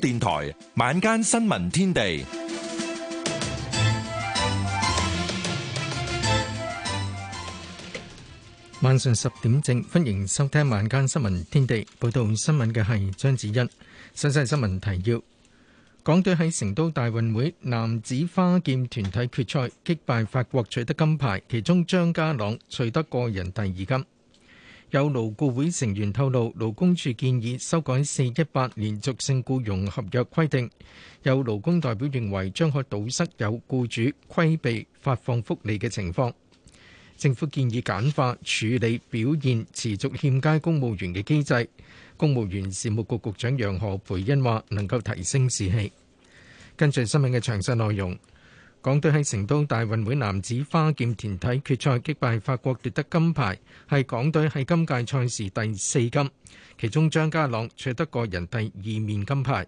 電台晚間新聞天地，晚上十點正，歡迎收聽晚間新聞天地。報道新聞嘅係張子欣，新鮮新聞提要：港隊喺成都大運會男子花劍團體決賽擊敗法國，取得金牌，其中張家朗取得個人第二金。有勞雇會成員透露，勞工處建議修改四一八連續性雇傭合約規定。有勞工代表認為，將可堵塞有雇主規避發放福利嘅情況。政府建議簡化處理表現持續欠佳公務員嘅機制。公務員事務局局長楊何蓓茵話，能夠提升士氣。跟住新聞嘅詳細內容。港隊喺成都大運會男子花劍團體決賽擊敗法國奪得金牌，係港隊係今屆賽事第四金。其中張家朗取得個人第二面金牌。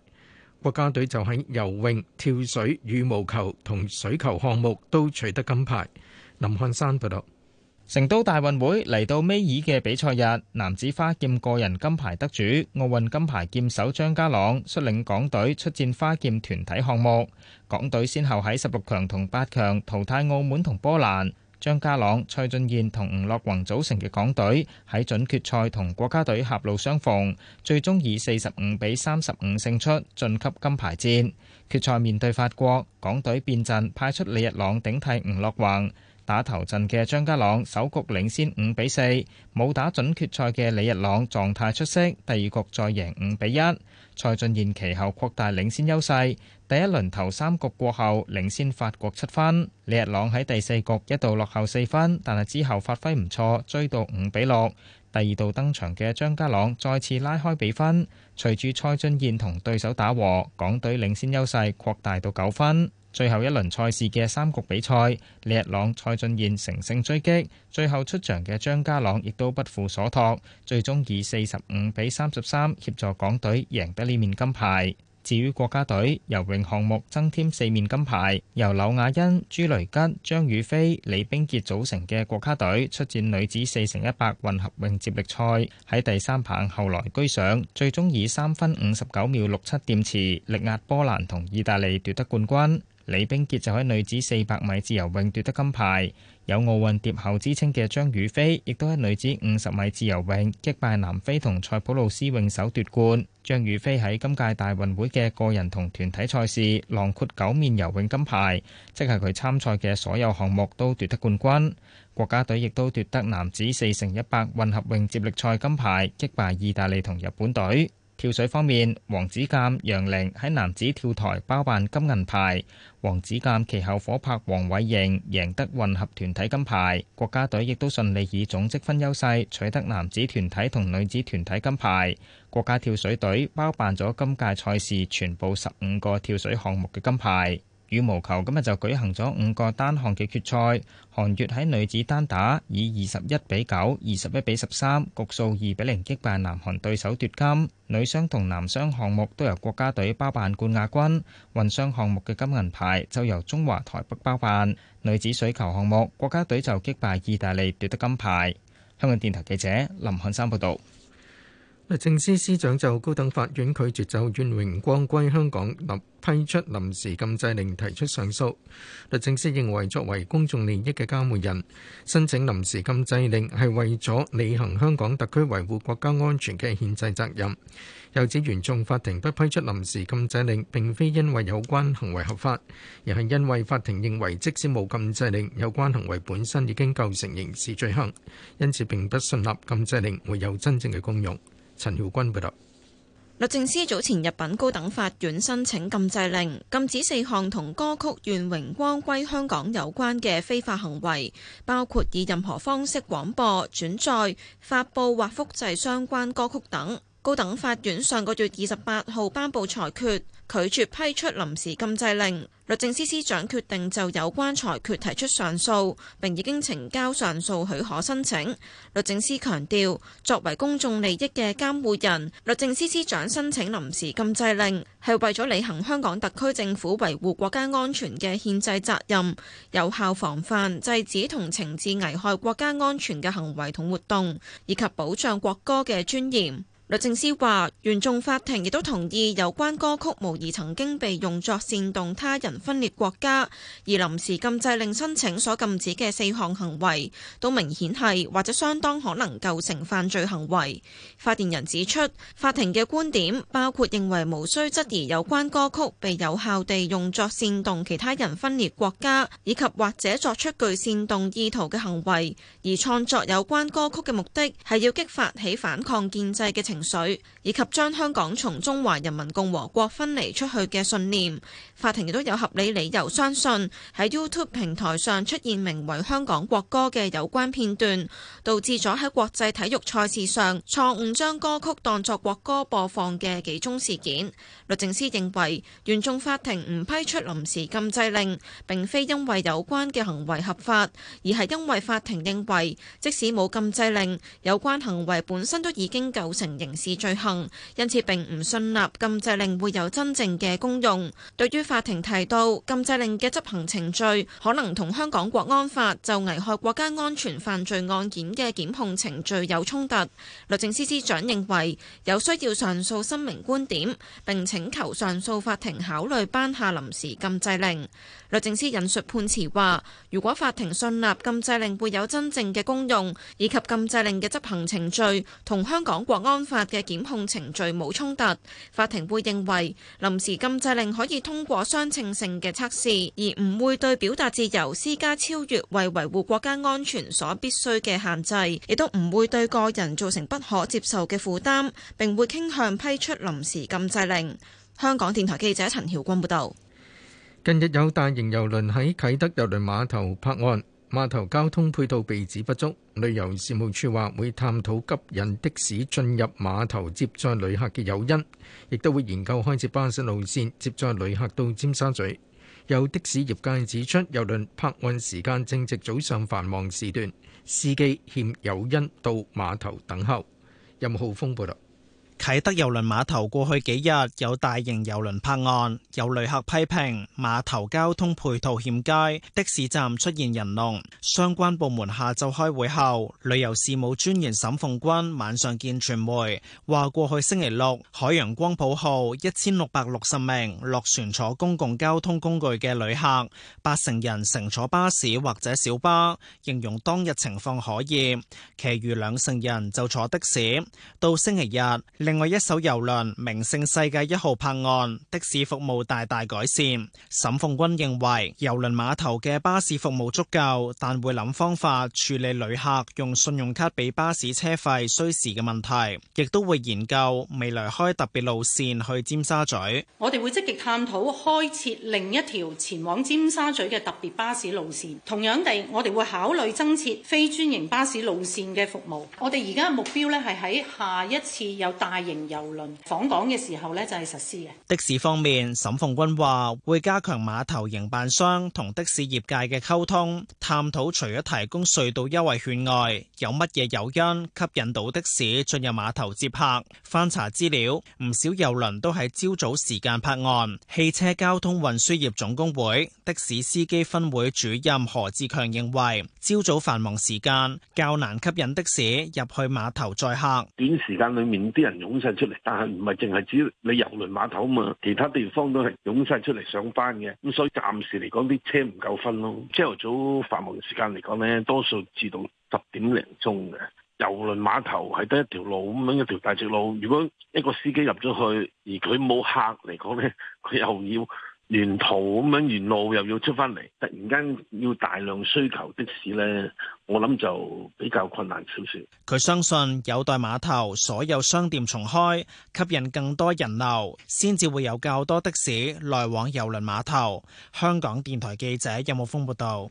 國家隊就喺游泳、跳水、羽毛球同水球項目都取得金牌。林漢山報道。成都大運會嚟到尾二嘅比賽日，男子花劍個人金牌得主、奧運金牌劍手張家朗率領港隊出戰花劍團體項目。港隊先後喺十六強同八強淘汰澳門同波蘭。張家朗、蔡俊彥同吳樂宏組成嘅港隊喺準決賽同國家隊狹路相逢，最終以四十五比三十五勝出，晉級金牌戰。決賽面對法國，港隊變陣，派出李日朗頂替吳樂宏。打頭陣嘅張家朗首局領先五比四，冇打準決賽嘅李日朗狀態出色，第二局再贏五比一。蔡俊彥其後擴大領先優勢，第一輪頭三局過後領先法國七分。李日朗喺第四局一度落後四分，但係之後發揮唔錯，追到五比六。第二度登場嘅張家朗再次拉開比分，隨住蔡俊彥同對手打和，港隊領先優勢擴大到九分。最後一輪賽事嘅三局比賽，李日朗、蔡俊彥乘勝追擊，最後出場嘅張家朗亦都不負所託，最終以四十五比三十三協助港隊贏得呢面金牌。至於國家隊游泳項目增添四面金牌，由柳雅欣、朱雷吉、張雨霏、李冰潔組成嘅國家隊出戰女子四乘一百混合泳接力賽，喺第三棒後來居上，最終以三分五十九秒六七殿池力壓波蘭同意大利奪得冠軍。李冰潔就喺女子四百米自由泳奪得金牌，有奧運蝶后之稱嘅張雨霏亦都喺女子五十米自由泳擊敗南非同塞浦路斯泳手奪冠。張雨霏喺今屆大運會嘅個人同團體賽事囊括九面游泳金牌，即係佢參賽嘅所有項目都奪得冠軍。國家隊亦都奪得男子四乘一百混合泳接力賽金牌，擊敗意大利同日本隊。跳水方面，王子鑑、楊玲喺男子跳台包辦金銀牌；王子鑑其後伙拍黃偉盈，贏得混合團體金牌。國家隊亦都順利以總積分優勢取得男子團體同女子團體金牌。國家跳水隊包辦咗今屆賽事全部十五個跳水項目嘅金牌。羽毛球今日就舉行咗五個單項嘅決賽。韓月喺女子單打以二十一比九、二十一比十三局數二比零擊敗南韓對手奪金。女雙同男雙項目都由國家隊包辦冠亞軍，混雙項目嘅金銀牌就由中華台北包辦。女子水球項目，國家隊就擊敗意大利奪得金牌。香港電台記者林漢山報道。律政司司長就高等法院拒絕就願榮光歸香港，立批出臨時禁制令，提出上訴。律政司認為，作為公眾利益嘅監護人，申請臨時禁制令係為咗履行香港特區維護國家安全嘅憲制責任。又指，原訟法庭不批出臨時禁制令，並非因為有關行為合法，而係因為法庭認為，即使冇禁制令，有關行為本身已經構成刑事罪行，因此並不信納禁制令會有真正嘅功用。陳曉君報道，律政司早前入稟高等法院申請禁制令，禁止四項同歌曲《願榮光歸香港》有關嘅非法行為，包括以任何方式廣播、轉載、發佈或複製相關歌曲等。高等法院上個月二十八號頒布裁決，拒絕批出臨時禁制令。律政司司長決定就有關裁決提出上訴，並已經呈交上訴許可申請。律政司強調，作為公眾利益嘅監護人，律政司司長申請臨時禁制令係為咗履行香港特區政府維護國家安全嘅憲制責任，有效防範、制止同懲治危害國家安全嘅行為同活動，以及保障國歌嘅尊嚴。律政司話，原訟法庭亦都同意有關歌曲無疑曾經被用作煽動他人分裂國家，而臨時禁制令申請所禁止嘅四項行為都明顯係或者相當可能構成犯罪行為。發言人指出，法庭嘅觀點包括認為無需質疑有關歌曲被有效地用作煽動其他人分裂國家，以及或者作出具煽動意圖嘅行為，而創作有關歌曲嘅目的係要激發起反抗建制嘅情。水以及將香港從中華人民共和國分離出去嘅信念，法庭亦都有合理理由相信喺 YouTube 平台上出現名為《香港國歌》嘅有關片段，導致咗喺國際體育賽事上錯誤將歌曲當作國歌播放嘅幾宗事件。律政司認為，原訟法庭唔批出臨時禁制令，並非因為有關嘅行為合法，而係因為法庭認為，即使冇禁制令，有關行為本身都已經構成刑。刑事罪行，因此並唔信納禁制令會有真正嘅功用。對於法庭提到禁制令嘅執行程序，可能同香港國安法就危害國家安全犯罪案件嘅檢控程序有衝突。律政司司長認為有需要上訴申明觀點，並請求上訴法庭考慮頒下臨時禁制令。律政司引述判詞話：如果法庭信納禁制令會有真正嘅功用，以及禁制令嘅執行程序同香港國安法嘅檢控程序冇衝突，法庭會認為臨時禁制令可以通過相稱性嘅測試，而唔會對表達自由施加超越為維護國家安全所必須嘅限制，亦都唔會對個人造成不可接受嘅負擔，並會傾向批出臨時禁制令。香港電台記者陳曉君報導。近日有大型郵輪喺啟德郵輪碼頭泊岸，碼頭交通配套被指不足。旅遊事務處話會探討吸引的士進入碼頭接載旅客嘅誘因，亦都會研究開設巴士路線接載旅客到尖沙咀。有的士業界指出，郵輪泊岸時間正值早上繁忙時段，司機欠誘因到碼頭等候。任浩峰報道。啟德郵輪碼頭過去幾日有大型郵輪泊岸，有旅客批評碼頭交通配套欠佳，的士站出現人龍。相關部門下晝開會後，旅遊事務專員沈鳳君晚上見傳媒，話過去星期六海洋光譜號一千六百六十名落船坐公共交通工具嘅旅客，八成人乘坐巴士或者小巴，形容當日情況可以，其餘兩成人就坐的士。到星期日，另外一艘遊輪名勝世界一號泊岸，的士服務大大改善。沈鳳君認為遊輪碼頭嘅巴士服務足夠，但會諗方法處理旅客用信用卡俾巴士車費需時嘅問題，亦都會研究未來開特別路線去尖沙咀。我哋會積極探討開設另一條前往尖沙咀嘅特別巴士路線，同樣地，我哋會考慮增設非專營巴士路線嘅服務。我哋而家嘅目標咧，係喺下一次有大型遊輪訪港嘅時候呢，就係實施嘅。的士方面，沈鳳君話會加強碼頭營辦商同的士業界嘅溝通，探討除咗提供隧道優惠券外，有乜嘢誘因吸引到的士進入碼頭接客。翻查資料，唔少遊輪都喺朝早時間泊岸。汽車交通運輸業總工會的士司機分會主任何志強認為，朝早繁忙時間較難吸引的士入去碼頭載客。短時間裏面啲人湧晒出嚟，但係唔係淨係指你遊輪碼頭嘛，其他地方都係湧晒出嚟上班嘅，咁所以暫時嚟講啲車唔夠分咯。朝頭早繁忙時間嚟講咧，多數至到十點零鐘嘅遊輪碼頭係得一條路咁樣一條大直路，如果一個司機入咗去而佢冇客嚟講咧，佢又要。沿途咁樣沿路又要出翻嚟，突然間要大量需求的士呢，我諗就比較困難少少。佢相信有待碼頭所有商店重開，吸引更多人流，先至會有較多的士來往郵輪碼頭。香港電台記者任木風報道。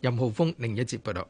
任浩峰另一節報道。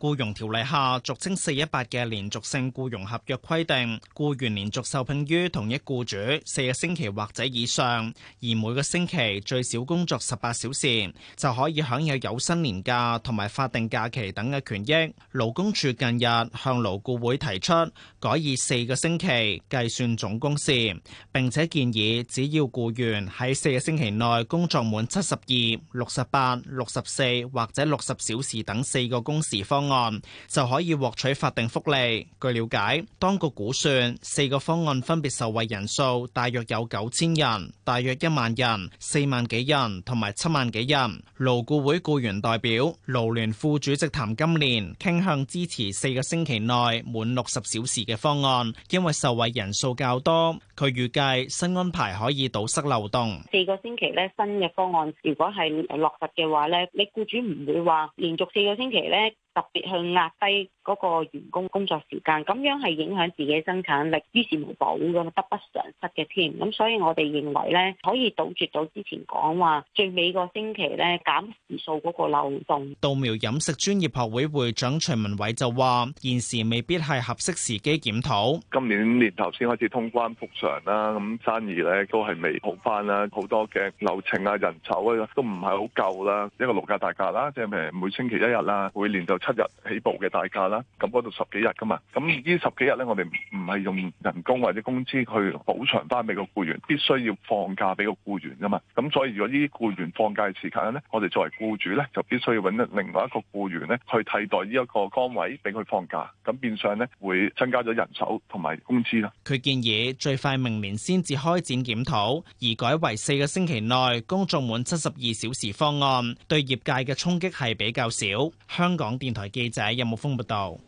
僱傭條例下俗稱四一八嘅連續性僱傭合約規定，僱員連續受聘於同一僱主四個星期或者以上，而每個星期最少工作十八小時，就可以享有有薪年假同埋法定假期等嘅權益。勞工處近日向勞僱會提出改以四個星期計算總工時，並且建議只要僱員喺四個星期內工作滿七十二、六十八、六十四或者六十小時等四個工時峰案就可以獲取法定福利。據了解，當局估算四個方案分別受惠人數大約有九千人、大約一萬人、四萬幾人同埋七萬幾人。勞顧會僱員代表勞聯副主席譚金蓮傾向支持四個星期內滿六十小時嘅方案，因為受惠人數較多。佢預計新安排可以堵塞漏洞。四個星期咧，新嘅方案如果係落實嘅話咧，你僱主唔會話連續四個星期咧，特別去壓低嗰個員工工作時間，咁樣係影響自己生產力，於事無補，咁得不償失嘅添。咁所以我哋認為咧，可以杜絕到之前講話最尾個星期咧減時數嗰個漏洞。稻苗飲食專業學會會長徐文偉就話：現時未必係合適時機檢討。今年年頭先開始通關復常啦，咁生意咧都係未好翻啦，好多嘅流程啊、人手啊都唔係好夠啦，一個勞假大假啦，即係每星期一日啦，每年就七日起步嘅大假啦，咁嗰度十幾日噶嘛？咁呢十幾日咧，我哋唔係用人工或者工資去補償翻俾個僱員，必須要放假俾個僱員噶嘛？咁所以如果呢啲僱員放假嘅時間咧，我哋作為僱主咧，就必須要搵另外一個僱員咧去替代呢一個崗位，俾佢放假，咁變相咧會增加咗人手同埋工資啦。佢建議最快明年先至開展檢討，而改為四個星期內工作滿七十二小時方案，對業界嘅衝擊係比較少。香港電台記者任木峰報道，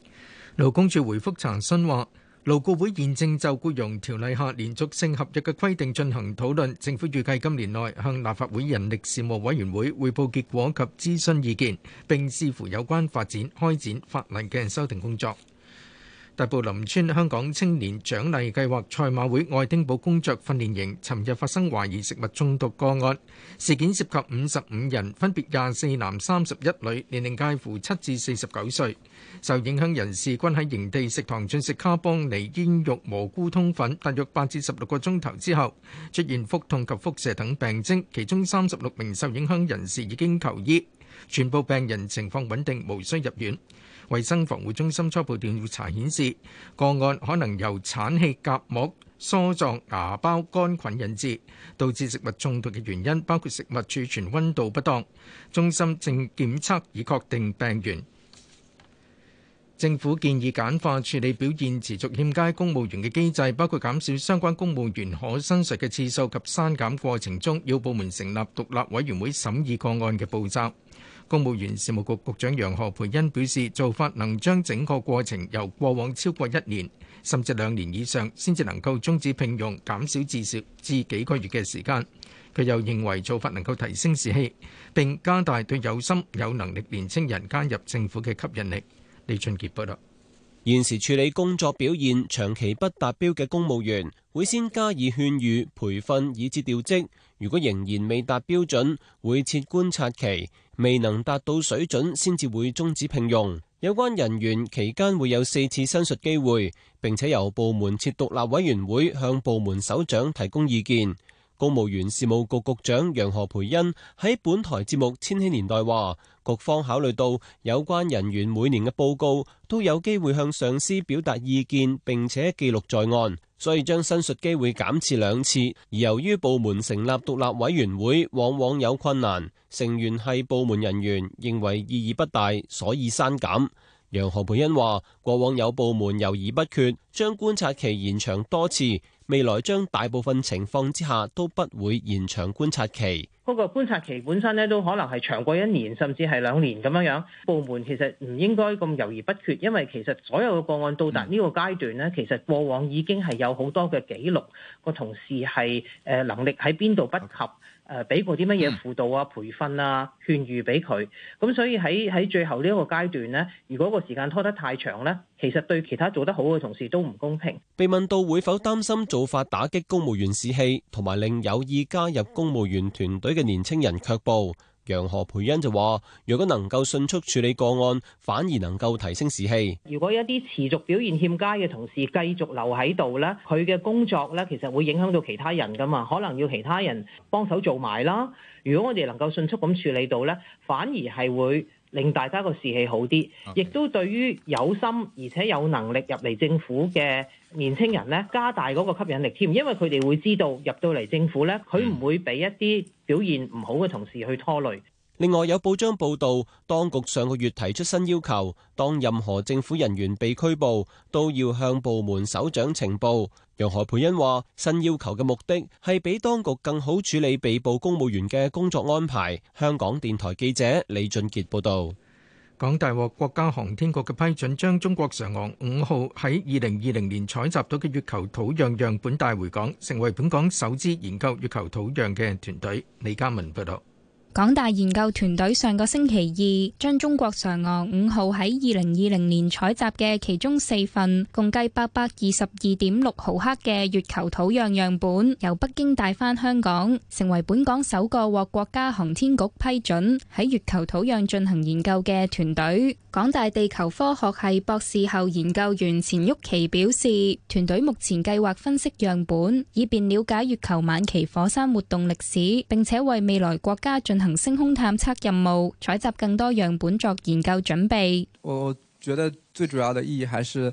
勞工處回覆查詢話，勞顧會現正就僱傭條例下連續性合約嘅規定進行討論，政府預計今年內向立法會人力事務委員會匯報結果及諮詢意見，並視乎有關發展開展法例嘅修訂工作。大埔林村香港青年獎勵計劃賽馬會愛丁堡工作訓練營，尋日發生懷疑食物中毒個案，事件涉及五十五人，分別廿四男三十一女，年齡介乎七至四十九歲。受影響人士均喺營地食堂進食卡邦尼煙肉蘑菇通粉，大約八至十六個鐘頭之後，出現腹痛及腹瀉等病徵，其中三十六名受影響人士已經求醫，全部病人情況穩定，無需入院。衛生防護中心初步調查顯示，個案可能由產氣莢膜梭狀芽孢桿菌引致，導致食物中毒嘅原因包括食物儲存溫度不當。中心正檢測以確定病源。政府建議簡化處理表現持續欠佳公務員嘅機制，包括減少相關公務員可申訴嘅次數及刪減過程中要部門成立獨立委員會審議個案嘅步驟。公務員事務局局長楊何蓓茵表示，做法能將整個過程由過往超過一年甚至兩年以上，先至能夠終止聘用，減少至少至幾個月嘅時間。佢又認為做法能夠提升士氣，並加大對有心有能力年青人加入政府嘅吸引力。李俊傑報道，現時處理工作表現長期不達標嘅公務員，會先加以勸喻、培訓，以至調職。如果仍然未達標準會設觀察期；未能達到水準先至會終止聘用有關人員。期間會有四次申述機會，並且由部門設獨立委員會向部門首長提供意見。公務員事務局局局長楊何培恩喺本台節目《千禧年代》話局方考慮到有關人員每年嘅報告都有機會向上司表達意見，並且記錄在案。所以將申述機會減至兩次，而由於部門成立獨立委員會，往往有困難，成員係部門人員，認為意義不大，所以刪減。楊何蓓茵話：過往有部門猶疑不決，將觀察期延長多次。未來將大部分情況之下都不會延長觀察期。嗰個觀察期本身咧都可能係長過一年，甚至係兩年咁樣樣。部門其實唔應該咁猶豫不決，因為其實所有嘅個案到達呢個階段呢，其實過往已經係有好多嘅記錄。個同事係誒能力喺邊度不及？誒俾過啲乜嘢輔導啊、培訓啊、勸喻俾佢，咁所以喺喺最後呢一個階段呢，如果個時間拖得太長呢，其實對其他做得好嘅同事都唔公平。被問到會否擔心做法打擊公務員士氣，同埋令有意加入公務員團隊嘅年輕人卻步。楊何蓓茵就話，如果能夠迅速處理個案，反而能夠提升士氣。如果一啲持續表現欠佳嘅同事繼續留喺度咧，佢嘅工作咧其實會影響到其他人噶嘛，可能要其他人幫手做埋啦。如果我哋能夠迅速咁處理到咧，反而係會。令大家個士氣好啲，Okay. 亦都對於有心而且有能力入嚟政府嘅年輕人呢，加大嗰個吸引力添，因為佢哋會知道入到嚟政府呢，佢唔會俾一啲表現唔好嘅同事去拖累。另外有報章報導，當局上個月提出新要求，當任何政府人員被拘捕，都要向部門首長呈報。楊何蓓茵話：新要求嘅目的係俾當局更好處理被捕公務員嘅工作安排。香港電台記者李俊傑報道。港大獲國家航天局嘅批准，將中國嫦娥五號喺二零二零年採集到嘅月球土壤樣本帶回港，成為本港首支研究月球土壤嘅團隊。李嘉文報道。港大研究團隊上個星期二將中國嫦娥五號喺二零二零年採集嘅其中四份，共計八百二十二點六毫克嘅月球土壤樣本，由北京帶翻香港，成為本港首個獲國家航天局批准喺月球土壤進行研究嘅團隊。港大地球科學系博士後研究員錢旭琪表示，團隊目前計劃分析樣本，以便了解月球晚期火山活動歷史，並且為未來國家進行星空探測任務採集更多樣本作研究準備。我覺得最主要的意義還是。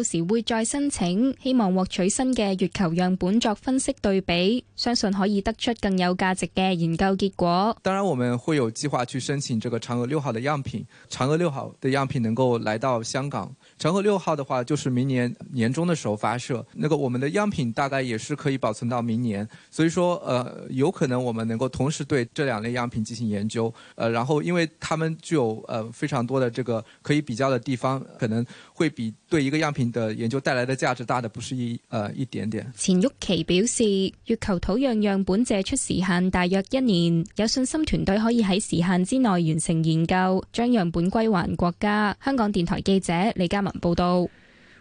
到時會再申請，希望獲取新嘅月球樣本作分析對比，相信可以得出更有價值嘅研究結果。當然，我們會有計劃去申請這個嫦娥六號的樣品，嫦娥六號的樣品能夠來到香港。嫦娥六號的話，就是明年年中的時候發射。那個我們的樣品大概也是可以保存到明年，所以說呃，有可能我們能夠同時對這兩類樣品進行研究。呃，然後因為他們具有呃非常多的這個可以比較的地方，可能會比對一個樣品的研究帶來的價值大的不是一呃，一點點。錢玉琪表示，月球土壤樣，樣本借出時限大約一年，有信心團隊可以喺時限之內完成研究，將樣本歸還國家。香港電台記者李嘉文。報道：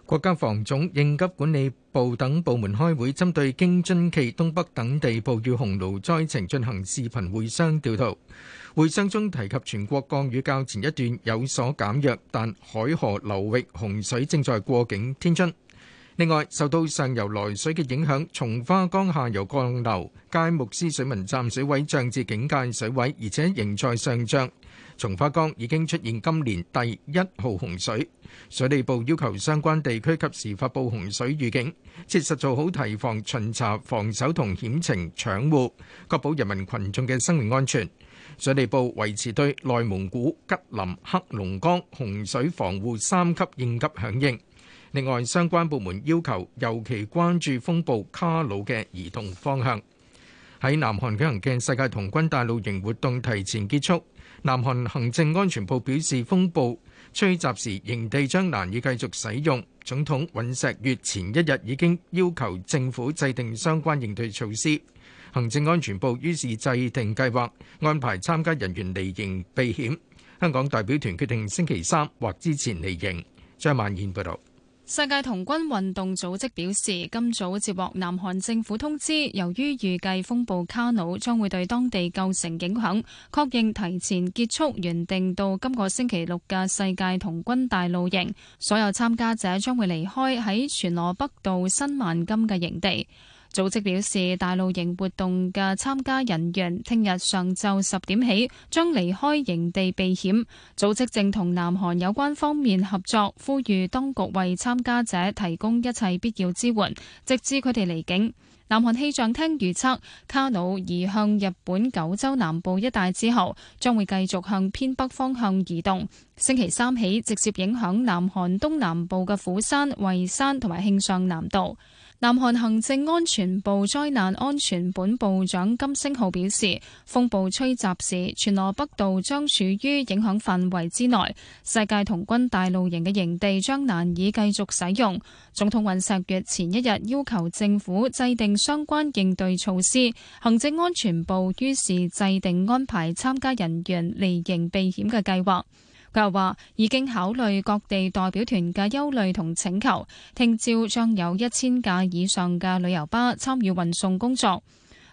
國家防總、應急管理部等部門開會，針對京津冀、東北等地暴雨洪澇災情進行視頻會商調度。會商中提及，全國降雨較前一段有所減弱，但海河流域洪水正在過境天津。另外，受到上游來水嘅影響，松花江下游幹流佳木斯水文站水位漲至警戒水位，而且仍在上漲。松花江已經出現今年第一號洪水，水利部要求相關地區及時發佈洪水預警，切實做好堤防巡查、防守同險情搶護，確保人民羣眾嘅生命安全。水利部維持對內蒙古、吉林、黑龍江洪水防護三級應急響應。另外，相關部門要求尤其關注風暴卡魯嘅移動方向。喺南韓舉行嘅世界童軍大露營活動提前結束。南韓行政安全部表示，風暴吹襲時，營地將難以繼續使用。總統尹錫悅前一日已經要求政府制定相關應對措施。行政安全部於是制定計劃，安排參加人員離營避險。香港代表團決定星期三或之前離營。張曼燕報導。世界童軍運動組織表示，今早接獲南韓政府通知，由於預計風暴卡努將會對當地構成影響，確認提前結束原定到今個星期六嘅世界童軍大露營，所有參加者將會離開喺全羅北道新萬金嘅營地。組織表示，大露營活動嘅參加人員聽日上晝十點起將離開營地避險。組織正同南韓有關方面合作，呼籲當局為參加者提供一切必要支援，直至佢哋離境。南韓氣象廳預測，卡努移向日本九州南部一帶之後，將會繼續向偏北方向移動。星期三起，直接影響南韓東南部嘅釜山、蔚山同埋慶尚南道。南韓行政安全部災難安全本部長金星浩表示，風暴吹襲時，全羅北道將處於影響範圍之內。世界童軍大露營嘅營地將難以繼續使用。總統尹錫悅前一日要求政府制定相關應對措施，行政安全部於是制定安排參加人員離營避險嘅計劃。佢又話已經考慮各地代表團嘅憂慮同請求，聽朝將有一千架以上嘅旅遊巴參與運送工作。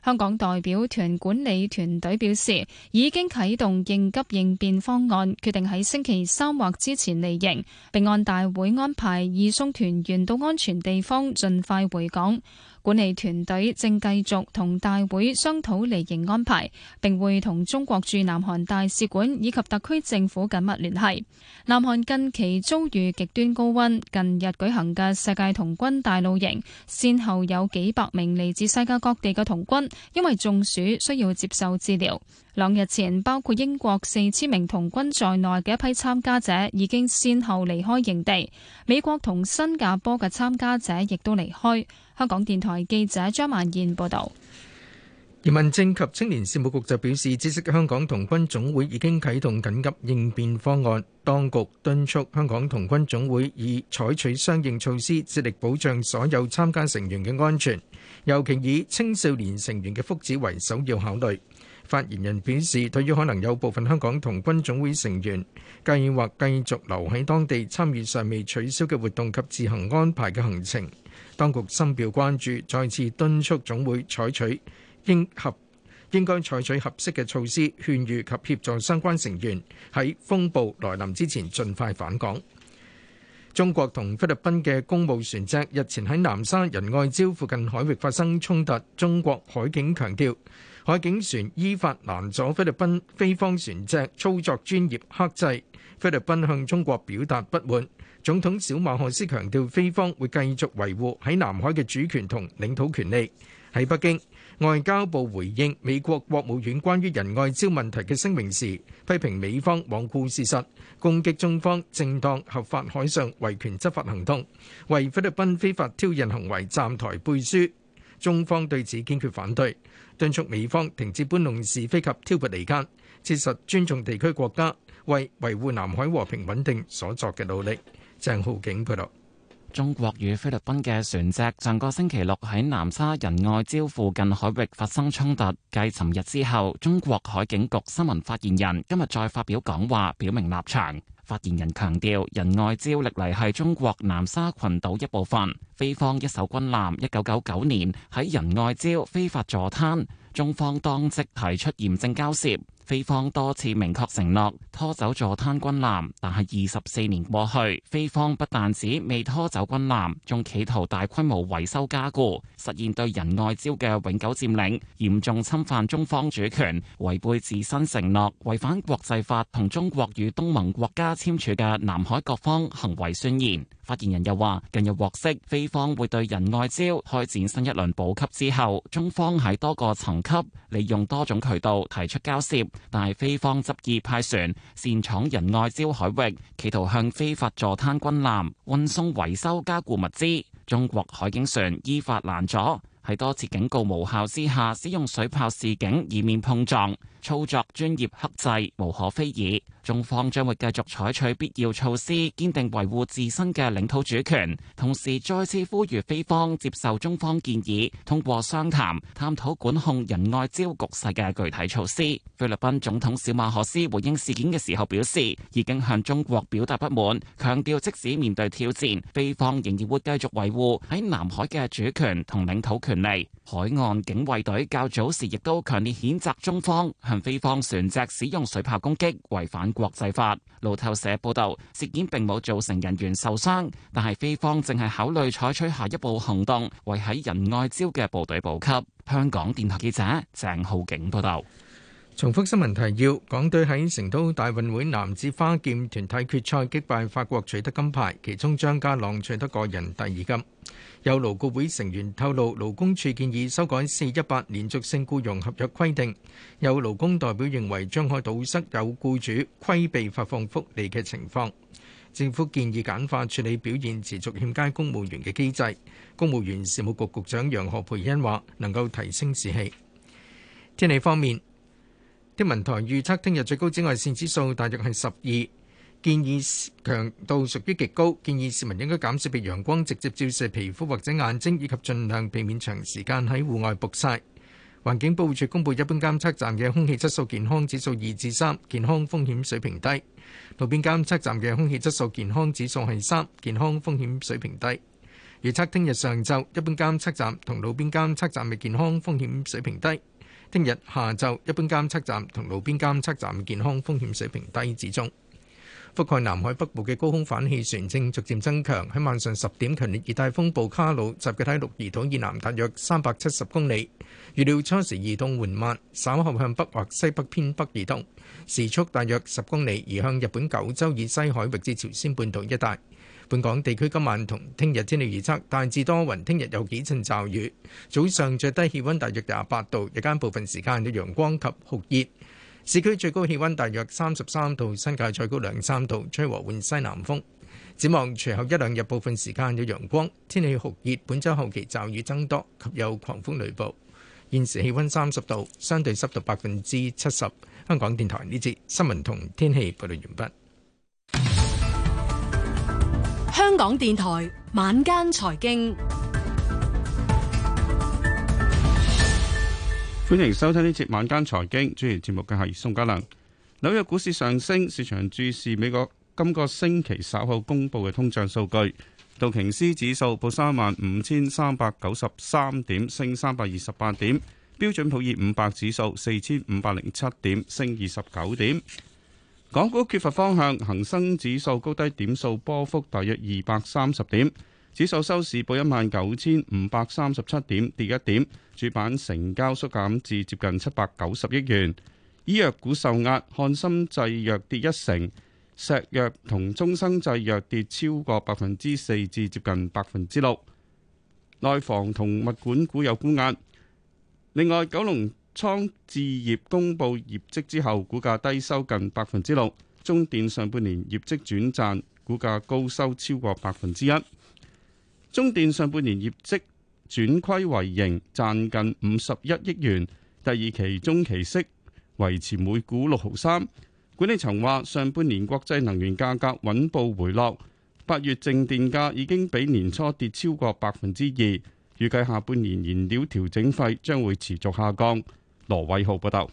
香港代表團管理團隊表示，已經啟動應急應變方案，決定喺星期三或之前離營，並按大會安排，移送團員到安全地方，盡快回港。管理團隊正繼續同大會商討離營安排，並會同中國駐南韓大使館以及特區政府緊密聯繫。南韓近期遭遇極端高溫，近日舉行嘅世界童軍大露營，先後有幾百名嚟自世界各地嘅童軍因為中暑需要接受治療。兩日前，包括英國四千名童軍在內嘅一批參加者已經先後離開營地，美國同新加坡嘅參加者亦都離開。香港電台記者張萬燕報道，而民政及青年事務局就表示，知識香港童軍總會已經啟動緊急應變方案，當局敦促香港童軍總會以採取相應措施，致力保障所有參加成員嘅安全，尤其以青少年成員嘅福祉為首要考慮。發言人表示，對於可能有部分香港童軍總會成員計劃繼續留喺當地參與尚未取消嘅活動及自行安排嘅行程。當局深表關注，再次敦促總會採取應合應該採取合適嘅措施，勸喻及協助相關成員喺風暴來臨之前盡快返港。中國同菲律賓嘅公務船隻日前喺南沙仁愛礁附近海域發生衝突，中國海警強調海警船依法攔阻菲律賓非方船隻，操作專業克制，菲律賓向中國表達不滿。總統小馬漢斯強調，菲方會繼續維護喺南海嘅主權同領土權利。喺北京，外交部回應美國國務院關於仁愛礁問題嘅聲明時，批評美方罔顧事實，攻擊中方正當合法海上維權執法行動，為菲律賓非法挑釁行為站台背書。中方對此堅決反對，敦促美方停止搬弄是非及挑撥離間，切實尊重地區國家為維護南海和平穩定所作嘅努力。鄭浩景報道：中國與菲律賓嘅船隻上個星期六喺南沙仁愛礁附近海域發生衝突，繼尋日之後，中國海警局新聞發言人今日再發表講話，表明立場。發言人強調，仁愛礁歷嚟係中國南沙群島一部分，菲方一艘軍艦一九九九年喺仁愛礁非法坐灘，中方當即提出嚴正交涉。菲方多次明確承諾拖走坐灘軍艦，但係二十四年過去，菲方不但止未拖走軍艦，仲企圖大規模維修加固，實現對仁愛礁嘅永久占領，嚴重侵犯中方主權，違背自身承諾，違反國際法同中國與東盟國家簽署嘅南海各方行為宣言。發言人又話，近日獲悉，菲方會對仁愛礁開展新一輪補給之後，中方喺多個層級利用多種渠道提出交涉，但係菲方執意派船擅闖仁愛礁海域，企圖向非法坐灘軍艦運送維修加固物資。中國海警船依法攔阻，喺多次警告無效之下，使用水炮示警，以免碰撞。操作專業克制無可非議，中方將會繼續採取必要措施，堅定維護自身嘅領土主權，同時再次呼籲菲方接受中方建議，通過商談探討管控仁愛礁局勢嘅具體措施。菲律賓總統小馬可斯回應事件嘅時候表示，已經向中國表達不滿，強調即使面對挑戰，菲方仍然會繼續維護喺南海嘅主權同領土權利。海岸警衛隊較早時亦都強烈譴責中方向菲方船隻使用水炮攻擊，違反國際法。路透社報道，事件並冇造成人員受傷，但係菲方正係考慮採取下一步行動，為喺仁愛礁嘅部隊補給。香港電台記者鄭浩景報道。重複新聞提要：港隊喺成都大運會男子花劍團體決賽擊敗法國，取得金牌，其中張家朗取得個人第二金。有勞顧會成員透露，勞工處建議修改《四一八》連續性僱傭合約規定。有勞工代表認為，將會堵塞有雇主規避發放福利嘅情況。政府建議簡化處理表現持續欠佳公務員嘅機制。公務員事務局局長楊何蓓茵話：能夠提升士氣。天氣方面，天文台預測聽日最高紫外線指數大約係十二。建議強度屬於極高，建議市民應該減少被陽光直接照射皮膚或者眼睛，以及盡量避免長時間喺戶外曝曬。環境保護署公佈一般監測站嘅空氣質素健康指數二至三，健康風險水平低；路邊監測站嘅空氣質素健康指數係三，健康風險水平低。預測聽日上晝一般監測站同路邊監測站嘅健康風險水平低；聽日下晝一般監測站同路邊監測站健康風險水平低至中。覆蓋南海北部嘅高空反氣旋正逐漸增強，喺晚上十點，強烈熱帶風暴卡努集結喺鹿兒島以南大約三百七十公里。預料初時移動緩慢，稍後向北或西北偏北移動，時速大約十公里，移向日本九州以西海域至朝鮮半島一帶。本港地區今晚同聽日天氣預測大致多雲，聽日有幾陣驟雨。早上最低氣溫大約廿八度，日間部分時間有陽光及酷熱。市區最高氣溫大約三十三度，新界再高兩三度，吹和緩西南風。展望隨後一兩日，部分時間有陽光，天氣酷熱。本周後期驟雨增多及有狂風雷暴。現時氣溫三十度，相對濕度百分之七十。香港電台呢節新聞同天氣報道完畢。香港電台晚間財經。歡迎收聽呢節晚間財經，主持節目嘅係宋嘉良。紐約股市上升，市場注視美國今個星期稍後公布嘅通脹數據。道瓊斯指數報三萬五千三百九十三點，升三百二十八點。標準普爾五百指數四千五百零七點，升二十九點。港股缺乏方向，恒生指數高低點數波幅大約二百三十點。指數收市報一萬九千五百三十七點，跌一點。主板成交縮減至接近七百九十億元。醫藥股受壓，翰森製藥跌一成，石藥同中生製藥跌超過百分之四至接近百分之六。內房同物管股有沽壓。另外，九龍倉置業公佈業績之後，股價低收近百分之六。中電上半年業績轉賺，股價高收超過百分之一。中電上半年業績轉虧為盈，賺近五十一億元。第二期中期息維持每股六毫三。管理層話，上半年國際能源價格穩步回落，八月淨電價已經比年初跌超過百分之二。預計下半年燃料調整費將會持續下降。羅偉浩報道。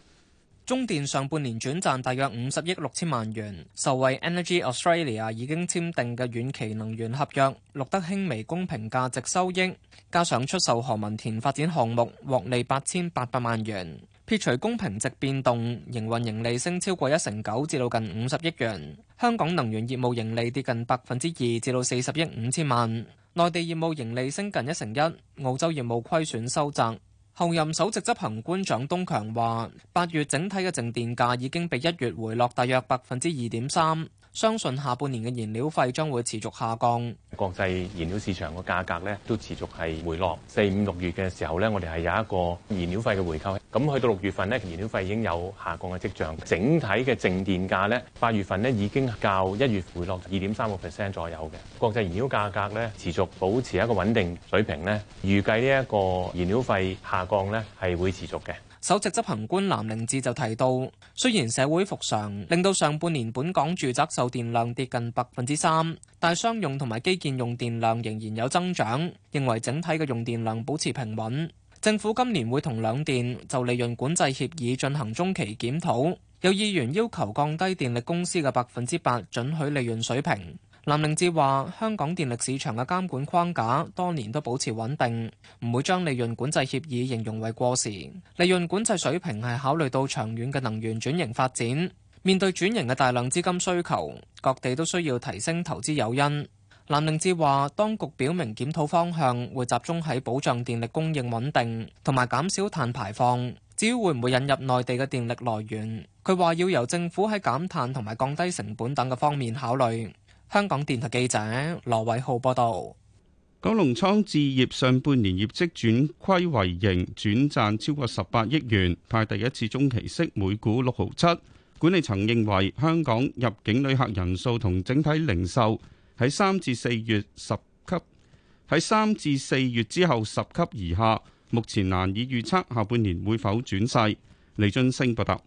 中電上半年轉賺大約五十億六千萬元，受惠 Energy Australia 已經簽訂嘅遠期能源合約，錄得輕微公平價值收益，加上出售何文田發展項目獲利八千八百萬元，撇除公平值變動，營運盈利升超過一成九，至到近五十億元。香港能源業務盈利跌近百分之二，至到四十億五千萬；內地業務盈利升近一成一，澳洲業務虧損收窄。後任首席執行官蔣東強話：八月整體嘅淨電價已經比一月回落大約百分之二點三。相信下半年嘅燃料費將會持續下降。國際燃料市場個價格咧都持續係回落。四五六月嘅時候咧，我哋係有一個燃料費嘅回購，咁去到六月份咧，燃料費已經有下降嘅跡象。整體嘅淨電價咧，八月份咧已經較一月回落二點三個 percent 左右嘅。國際燃料價格咧持續保持一個穩定水平咧，預計呢一個燃料費下降咧係會持續嘅。首席執行官藍寧志就提到，雖然社會復常令到上半年本港住宅售電量跌近百分之三，但商用同埋基建用電量仍然有增長，認為整體嘅用電量保持平穩。政府今年會同兩電就利潤管制協議進行中期檢討，有議員要求降低電力公司嘅百分之八準許利潤水平。林明志話：香港電力市場嘅監管框架多年都保持穩定，唔會將利潤管制協議形容為過時。利潤管制水平係考慮到長遠嘅能源轉型發展。面對轉型嘅大量資金需求，各地都需要提升投資誘因。林明志話，當局表明檢討方向會集中喺保障電力供應穩定同埋減少碳排放。至於會唔會引入內地嘅電力來源，佢話要由政府喺減碳同埋降低成本等嘅方面考慮。香港電台記者羅偉浩報道，九龍倉置業上半年業績轉虧為盈，轉賺超過十八億元，派第一次中期息每股六毫七。管理層認為，香港入境旅客人數同整體零售喺三至四月十級喺三至四月之後十級而下，目前難以預測下半年會否轉勢。李俊升報道。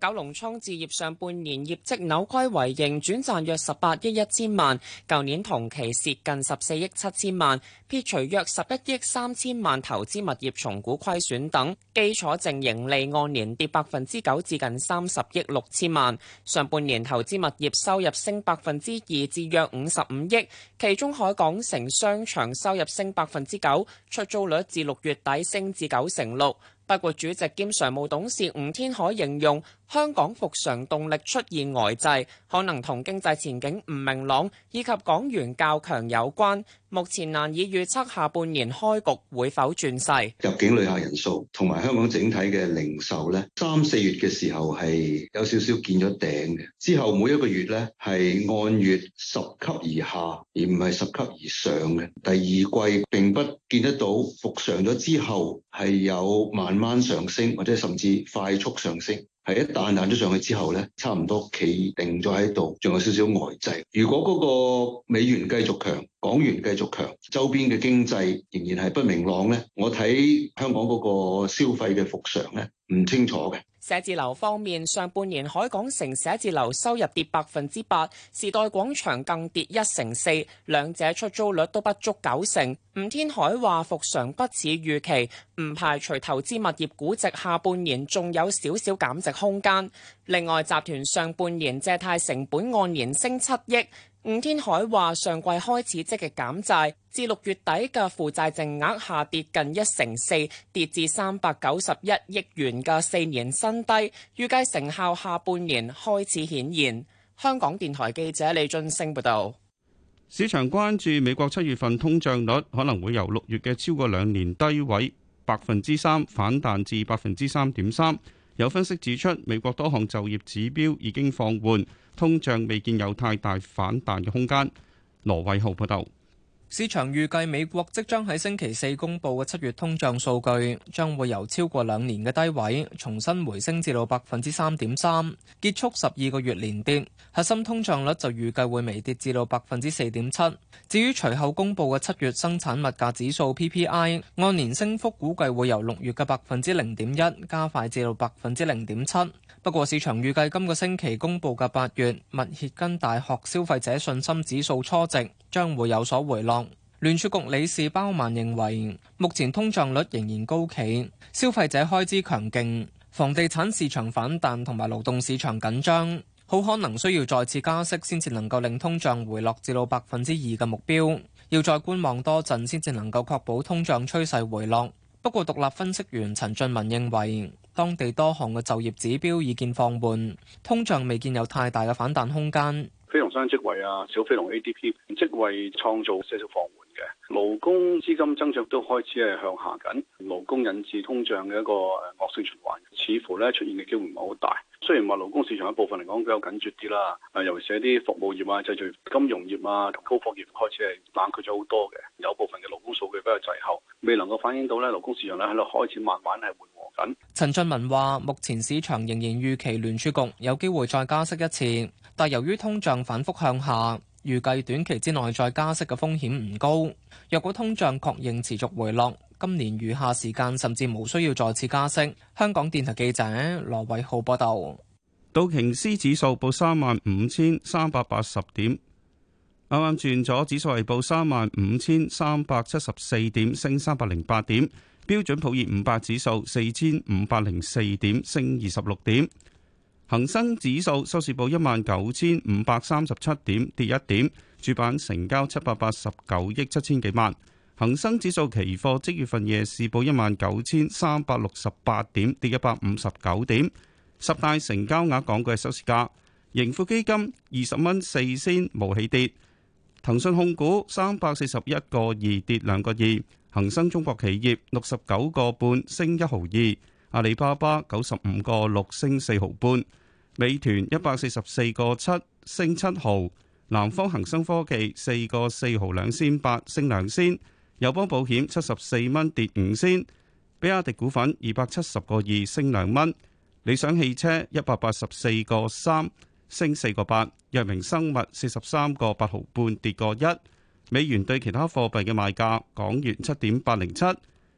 九龍倉置業上半年業績扭虧為盈，轉賺約十八億一千萬，舊年同期蝕近十四億七千萬，撇除約十一億三千萬投資物業重估虧損等，基礎淨盈利按年跌百分之九至近三十億六千萬。上半年投資物業收入升百分之二至約五十五億，其中海港城商場收入升百分之九，出租率至六月底升至九成六。不過主席兼常務董事吳天海形容。香港復常動力出現呆滯，可能同經濟前景唔明朗以及港元較強有關。目前難以預測下半年開局會否轉勢。入境旅客人數同埋香港整體嘅零售咧，三四月嘅時候係有少少見咗頂嘅，之後每一個月咧係按月十級而下，而唔係十級而上嘅。第二季並不見得到復常咗之後係有慢慢上升或者甚至快速上升。係一彈彈咗上去之後咧，差唔多企定咗喺度，仲有少少呆滯。如果嗰個美元繼續強，港元繼續強，周邊嘅經濟仍然係不明朗呢，我睇香港嗰個消費嘅復常呢，唔清楚嘅。寫字樓方面，上半年海港城寫字樓收入跌百分之八，時代廣場更跌一成四，兩者出租率都不足九成。吳天海話復常不似預期，唔排除投資物業估值下半年仲有少少減值空間。另外，集團上半年借貸成本按年升七億。吳天海話：上季開始積極減債，至六月底嘅負債淨額下跌近一成四，跌至三百九十一億元嘅四年新低。預計成效下半年開始顯現。香港電台記者李俊星報道。市場關注美國七月份通脹率可能會由六月嘅超過兩年低位百分之三反彈至百分之三點三。有分析指出，美國多項就業指標已經放緩，通脹未見有太大反彈嘅空間。羅偉浩報道。市場預計美國即將喺星期四公佈嘅七月通脹數據，將會由超過兩年嘅低位重新回升至到百分之三點三，結束十二個月連跌。核心通脹率就預計會微跌至到百分之四點七。至於隨後公佈嘅七月生產物價指數 PPI，按年升幅估計會由六月嘅百分之零點一加快至到百分之零點七。不過，市場預計今個星期公佈嘅八月密歇根大學消費者信心指數初值將會有所回落。聯儲局理事包曼認為，目前通脹率仍然高企，消費者開支強勁，房地產市場反彈同埋勞動市場緊張，好可能需要再次加息先至能夠令通脹回落至到百分之二嘅目標。要再觀望多陣先至能夠確保通脹趨勢回落。不過，獨立分析員陳俊文認為。當地多項嘅就業指標已見放緩，通脹未見有太大嘅反彈空間。非農新增職位啊，小非農 ADP 職位創造些少放緩。勞工資金增長都開始係向下緊，勞工引致通脹嘅一個惡性循環，似乎咧出現嘅機會唔係好大。雖然話勞工市場一部分嚟講比較緊絀啲啦，啊，尤其是啲服務業啊、製造業、金融業啊同高科技開始係冷卻咗好多嘅，有部分嘅勞工數據比較滯後，未能夠反映到咧勞工市場咧喺度開始慢慢係緩和緊。陳俊文話：目前市場仍然預期聯儲局有機會再加息一次，但由於通脹反覆向下。預計短期之內再加息嘅風險唔高，若果通脹確認持續回落，今年餘下時間甚至無需要再次加息。香港電台記者羅偉浩報道。道瓊斯指數報三萬五千三百八十點，啱啱轉咗，指數係報三萬五千三百七十四點，升三百零八點。標準普爾五百指數四千五百零四點，升二十六點。恒生指數收市報一萬九千五百三十七點，跌一點。主板成交七百八十九億七千幾萬。恒生指數期貨即月份夜市報一萬九千三百六十八點，跌一百五十九點。十大成交額港股嘅收市價：盈富基金二十蚊四仙無起跌，騰訊控股三百四十一個二跌兩個二，恒生中國企業六十九個半升一毫二。阿里巴巴九十五個六升四毫半，美團一百四十四個七升七毫，南方恒生科技四個四毫兩仙八升兩仙，友邦保險七十四蚊跌五仙，比亞迪股份二百七十個二升兩蚊，理想汽車一百八十四個三升四個八，藥明生物四十三個八毫半跌個一，美元兌其他貨幣嘅賣價，港元七點八零七，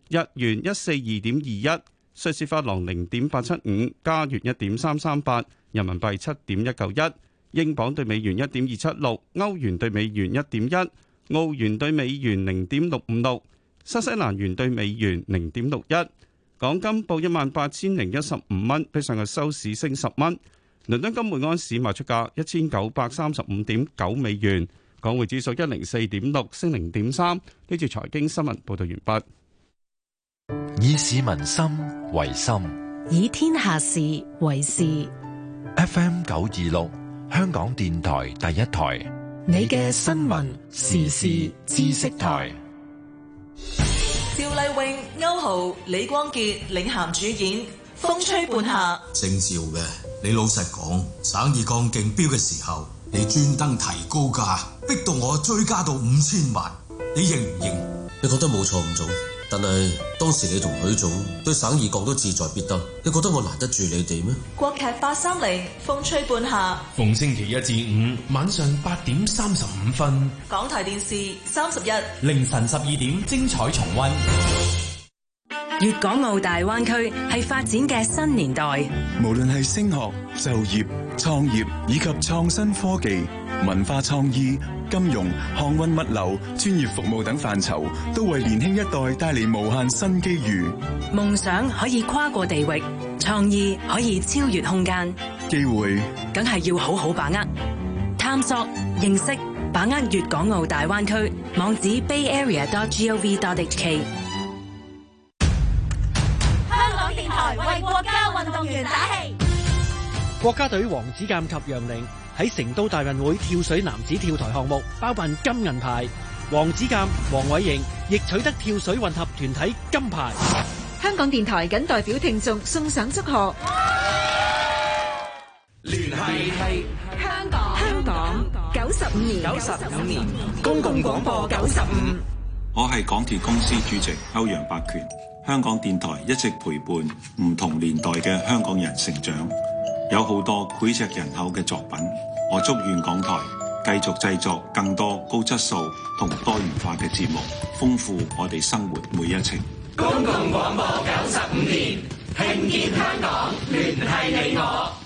日元一四二點二一。瑞士法郎零點八七五，加元一點三三八，人民幣七點一九一，英鎊兌美元一點二七六，歐元兌美元一點一，澳元兌美元零點六五六，新西蘭元兌美元零點六一。港金報一萬八千零一十五蚊，比上日收市升十蚊。倫敦金每安士賣出價一千九百三十五點九美元，港匯指數一零四點六升零點三。呢次財經新聞報道完畢。以市民心。為心以天下事為事。F. M. 九二六香港電台第一台，你嘅新聞時事知識台。趙麗穎、歐豪、李光潔領銜主演《風吹半夏》。姓趙嘅，你老實講，省二鋼競標嘅時候，你專登提高價，逼到我追加到五千萬，你認唔認？你覺得冇錯唔做？但係，當時你同許總對省議局都志在必得，你覺得我難得住你哋咩？國劇八三零風吹半夏，逢星期一至五晚上八點三十五分，港台電視三十一，凌晨十二點精彩重溫。粵港澳大灣區係發展嘅新年代，無論係升學、就業、創業以及創新科技、文化創意、金融、航運、物流、專業服務等範疇，都為年輕一代帶嚟無限新機遇。夢想可以跨過地域，創意可以超越空間，機會，梗係要好好把握。探索、認識、把握粵港澳大灣區網址：bayarea.gov.hk。Bay area. 打氣！國家隊王子鑑及楊寧喺成都大運會跳水男子跳台項目包辦金銀牌，王子鑑、王偉瑩亦取得跳水混合團體金牌。香港電台謹代表聽眾送上祝賀。聯繫係香港香港九十五年九十五年公共廣播九十五，我係港鐵公司主席歐陽伯權。香港電台一直陪伴唔同年代嘅香港人成長，有好多膾炙人口嘅作品。我祝願港台繼續製作更多高質素同多元化嘅節目，豐富我哋生活每一程。公共廣播九十五年，興建香港，聯繫你我。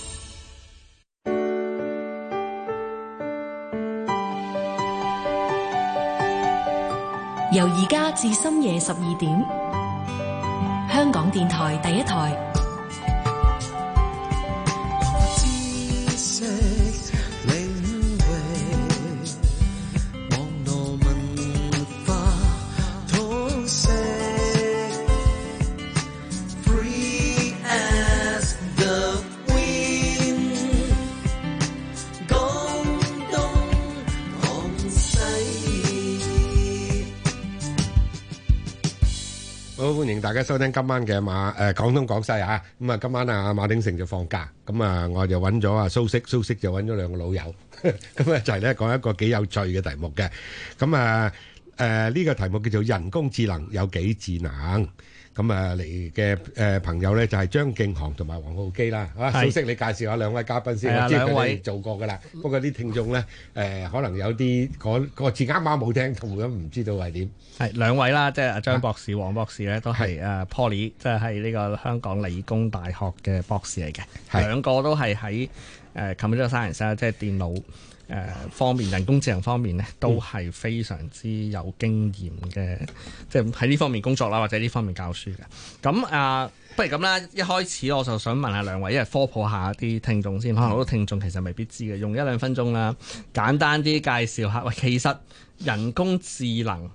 由而家至深夜十二點，香港電台第一台。大家收聽今晚嘅馬誒、呃、講東講西啊，咁啊今晚啊馬鼎盛就放假，咁啊我就揾咗啊蘇軾，蘇軾就揾咗兩個老友，咁啊就係咧講一個幾有趣嘅題目嘅，咁啊。誒，呢、啊這個題目叫做人工智能有幾智能？咁、嗯、啊嚟嘅誒朋友咧，就係張敬航同埋黃浩基啦。啊，小息你介紹下兩位嘉賓先。係兩位做過噶啦。不過啲聽眾咧，誒、呃，可能有啲嗰字啱啱冇聽，咁唔知道係點。係兩位啦，即係阿張博士、啊、黃博士咧，都係誒、啊、是 Poly，即係喺呢個香港理工大學嘅博士嚟嘅，兩、啊啊、個都係喺誒 c o m p u 即係電腦。誒、呃、方面，人工智能方面呢都係非常之有經驗嘅，嗯、即係喺呢方面工作啦，或者呢方面教書嘅。咁啊、呃，不如咁啦，一開始我就想問下兩位，因為科普下啲聽眾先，可能好多聽眾其實未必知嘅。用一兩分鐘啦，簡單啲介紹下。喂，其實人工智能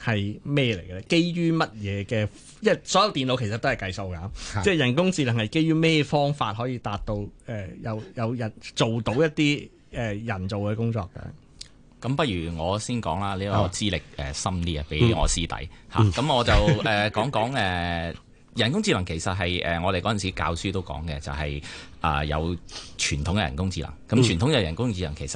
係咩嚟嘅？基於乜嘢嘅？因為所有電腦其實都係計數㗎，的即係人工智能係基於咩方法可以達到誒、呃、有有，有人做到一啲？誒人做嘅工作嘅，咁不如我先講啦。呢個資歷誒深啲啊，畀我師弟吓。咁我就誒講講誒人工智能其實係誒、呃、我哋陣時教書都講嘅，就係、是、啊、呃、有傳統嘅人工智能，咁傳統嘅人工智能 其實。